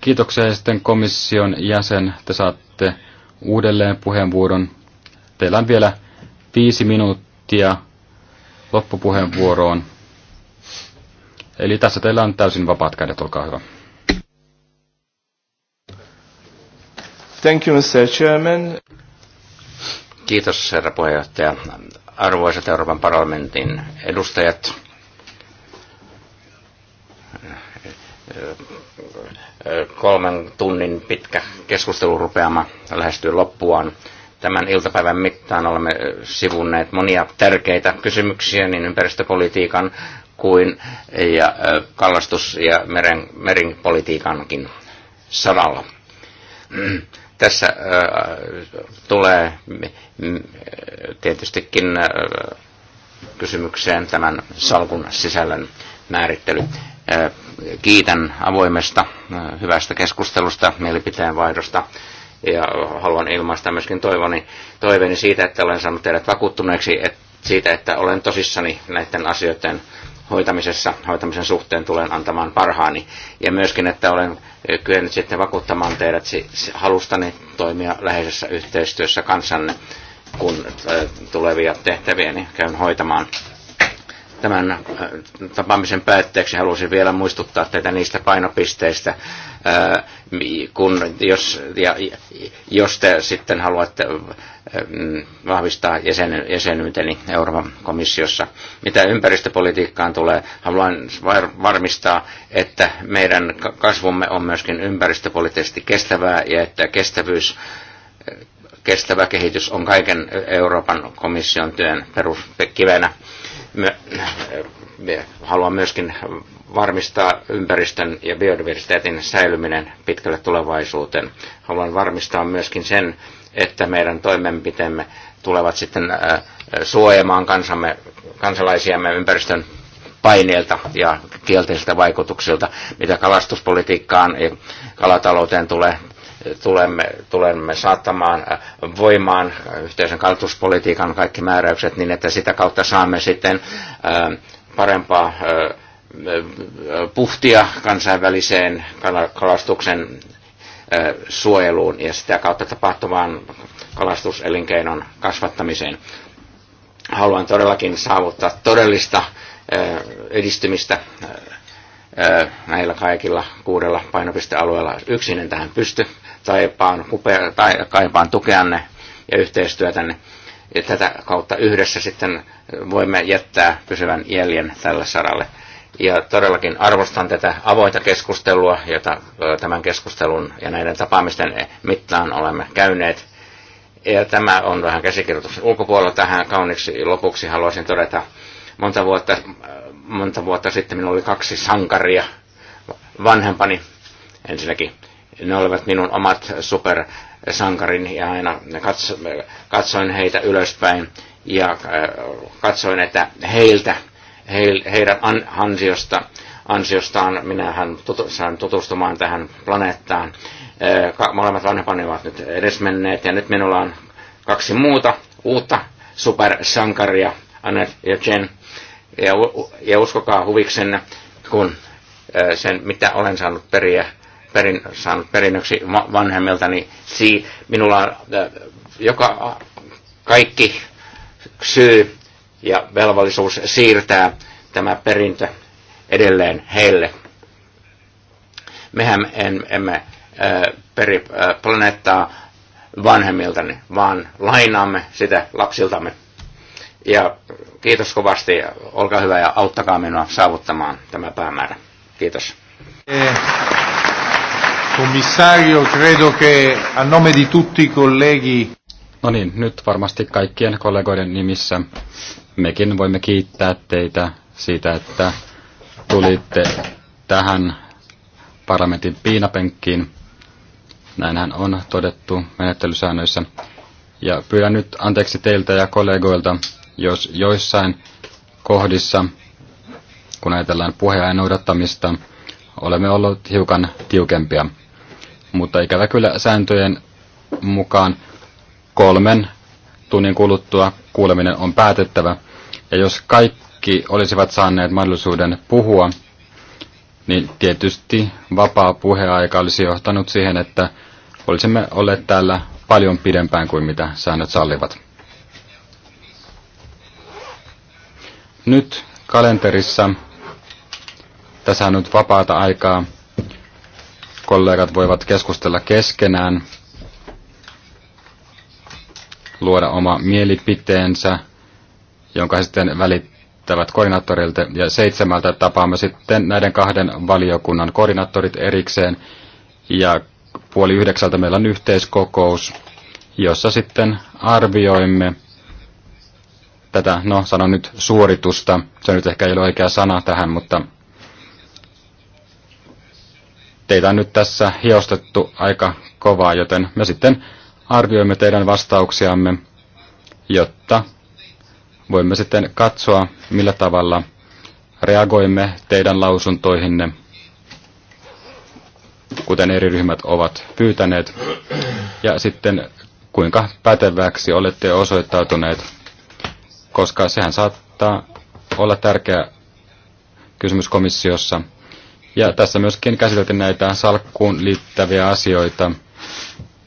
Kiitoksia ja sitten komission jäsen. Te saatte uudelleen puheenvuoron. Teillä on vielä viisi minuuttia loppupuheenvuoroon. Eli tässä teillä on täysin vapaat kädet, olkaa hyvä. Thank you, Mr. Chairman. Kiitos, herra puheenjohtaja. Arvoisat Euroopan parlamentin edustajat, kolmen tunnin pitkä keskustelu rupeama lähestyy loppuaan. Tämän iltapäivän mittaan olemme sivunneet monia tärkeitä kysymyksiä niin ympäristöpolitiikan kuin ja kalastus- ja meren, merinpolitiikankin saralla. Tässä tulee tietystikin kysymykseen tämän salkun sisällön määrittely kiitän avoimesta hyvästä keskustelusta, mielipiteen vaihdosta ja haluan ilmaista myöskin toivoni, toiveeni siitä, että olen saanut teidät vakuuttuneeksi että siitä, että olen tosissani näiden asioiden hoitamisessa, hoitamisen suhteen tulen antamaan parhaani. Ja myöskin, että olen kyennyt sitten vakuuttamaan teidät halustani toimia läheisessä yhteistyössä kanssanne, kun tulevia tehtäviäni käyn hoitamaan. Tämän äh, tapaamisen päätteeksi haluaisin vielä muistuttaa teitä niistä painopisteistä, äh, kun, jos, ja, jos te sitten haluatte äh, vahvistaa jäsen, jäsenyyteni Euroopan komissiossa. Mitä ympäristöpolitiikkaan tulee, haluan varmistaa, että meidän kasvumme on myöskin ympäristöpoliittisesti kestävää ja että kestävyys kestävä kehitys on kaiken Euroopan komission työn peruskivenä me, me haluan myöskin varmistaa ympäristön ja biodiversiteetin säilyminen pitkälle tulevaisuuteen. Haluan varmistaa myöskin sen, että meidän toimenpiteemme tulevat sitten suojamaan kansamme, kansalaisiamme ympäristön paineilta ja kielteisiltä vaikutuksilta, mitä kalastuspolitiikkaan ja kalatalouteen tulee tulemme, tulemme saattamaan äh, voimaan yhteisen kaltuspolitiikan kaikki määräykset niin, että sitä kautta saamme sitten äh, parempaa äh, puhtia kansainväliseen kalastuksen suojeluun ja sitä kautta tapahtuvaan kalastuselinkeinon kasvattamiseen. Haluan todellakin saavuttaa todellista edistymistä näillä kaikilla kuudella painopistealueella yksinen tähän pysty. Taipaan, upea, tai, kaipaan tukeanne ja yhteistyötänne. Ja tätä kautta yhdessä sitten voimme jättää pysyvän jäljen tällä saralle. Ja todellakin arvostan tätä avointa keskustelua, jota tämän keskustelun ja näiden tapaamisten mittaan olemme käyneet. Ja tämä on vähän käsikirjoituksen ulkopuolella tähän kauniksi lopuksi haluaisin todeta, Monta vuotta, monta vuotta sitten minulla oli kaksi sankaria vanhempani ensinnäkin. Ne olivat minun omat supersankarini ja aina katsoin heitä ylöspäin ja äh, katsoin, että heiltä, heidän ansiosta, ansiostaan minä saan sain tutustumaan tähän planeettaan. Äh, molemmat vanhempani ovat nyt edesmenneet ja nyt minulla on kaksi muuta uutta supersankaria Anna Jen, ja, ja uskokaa huviksenne, kun sen, mitä olen saanut periä, perin, saanut perinnöksi vanhemmiltani, niin si, minulla on joka kaikki syy ja velvollisuus siirtää tämä perintö edelleen heille. Mehän en, emme peri planeettaa vanhemmiltani, vaan lainaamme sitä lapsiltamme. Ja kiitos kovasti, olkaa hyvä ja auttakaa minua saavuttamaan tämä päämäärä. Kiitos. Komissario, eh, credo che a nome di tutti i colleghi... No niin, nyt varmasti kaikkien kollegoiden nimissä mekin voimme kiittää teitä siitä, että tulitte tähän parlamentin piinapenkkiin. Näinhän on todettu menettelysäännöissä. Ja pyydän nyt anteeksi teiltä ja kollegoilta jos joissain kohdissa, kun ajatellaan puheen noudattamista, olemme olleet hiukan tiukempia. Mutta ikävä kyllä sääntöjen mukaan kolmen tunnin kuluttua kuuleminen on päätettävä. Ja jos kaikki olisivat saaneet mahdollisuuden puhua, niin tietysti vapaa puheaika olisi johtanut siihen, että olisimme olleet täällä paljon pidempään kuin mitä säännöt sallivat. nyt kalenterissa, tässä on nyt vapaata aikaa, kollegat voivat keskustella keskenään, luoda oma mielipiteensä, jonka sitten välittävät koordinaattorilta. Ja seitsemältä tapaamme sitten näiden kahden valiokunnan koordinaattorit erikseen. Ja puoli yhdeksältä meillä on yhteiskokous, jossa sitten arvioimme tätä, no sanon nyt suoritusta, se nyt ehkä ei ole oikea sana tähän, mutta teitä on nyt tässä hiostettu aika kovaa, joten me sitten arvioimme teidän vastauksiamme, jotta voimme sitten katsoa, millä tavalla reagoimme teidän lausuntoihinne, kuten eri ryhmät ovat pyytäneet, ja sitten kuinka päteväksi olette osoittautuneet koska sehän saattaa olla tärkeä kysymys komissiossa. Ja tässä myöskin käsiteltiin näitä salkkuun liittäviä asioita,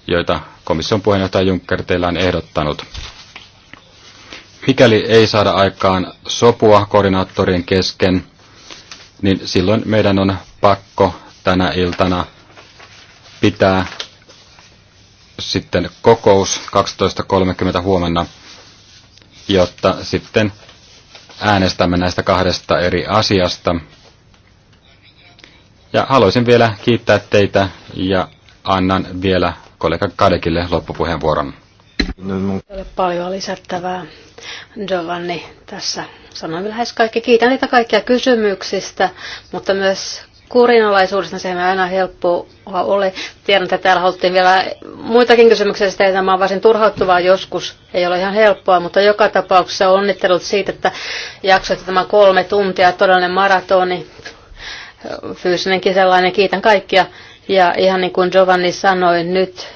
joita komission puheenjohtaja Juncker teillä on ehdottanut. Mikäli ei saada aikaan sopua koordinaattorien kesken, niin silloin meidän on pakko tänä iltana pitää sitten kokous 12.30 huomenna jotta sitten äänestämme näistä kahdesta eri asiasta. Ja haluaisin vielä kiittää teitä ja annan vielä kollega Kadekille loppupuheenvuoron. Ei ole paljon lisättävää. Giovanni tässä sanoi lähes kaikki. Kiitän niitä kaikkia kysymyksistä, mutta myös kurinalaisuudesta, se ei aina helppoa ole. Tiedän, että täällä haluttiin vielä muitakin kysymyksiä, sitä tämä on varsin turhauttavaa joskus, ei ole ihan helppoa, mutta joka tapauksessa onnittelut siitä, että jaksoitte tämä kolme tuntia, todellinen maratoni, fyysinenkin sellainen, kiitän kaikkia. Ja ihan niin kuin Giovanni sanoi, nyt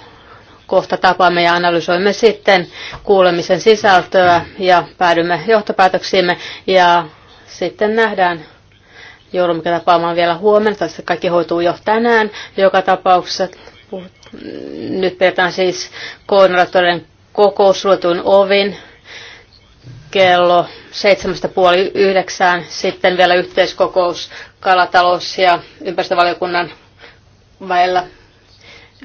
kohta tapaamme ja analysoimme sitten kuulemisen sisältöä ja päädymme johtopäätöksiimme ja sitten nähdään Joudumme tapaamaan vielä huomenna, tai kaikki hoituu jo tänään. Joka tapauksessa nyt pidetään siis koordinaattorin kokous ovin kello seitsemästä puoli yhdeksään. Sitten vielä yhteiskokous kalatalous- ja ympäristövaliokunnan väellä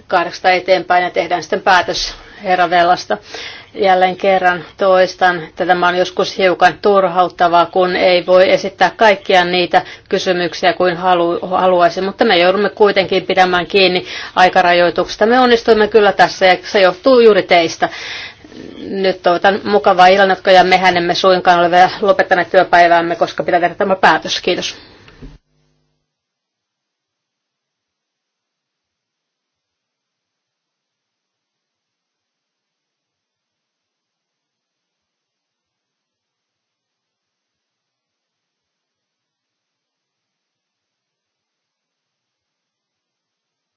kahdeksasta eteenpäin ja tehdään sitten päätös herra Vellasta. Jälleen kerran toistan, että tämä on joskus hiukan turhauttavaa, kun ei voi esittää kaikkia niitä kysymyksiä kuin halu, haluaisi, mutta me joudumme kuitenkin pidämään kiinni aikarajoituksista. Me onnistuimme kyllä tässä ja se johtuu juuri teistä nyt toivotan mukavaa ilanatkoja. ja mehän emme suinkaan ole vielä lopettaneet työpäiväämme, koska pitää tehdä tämä päätös. Kiitos.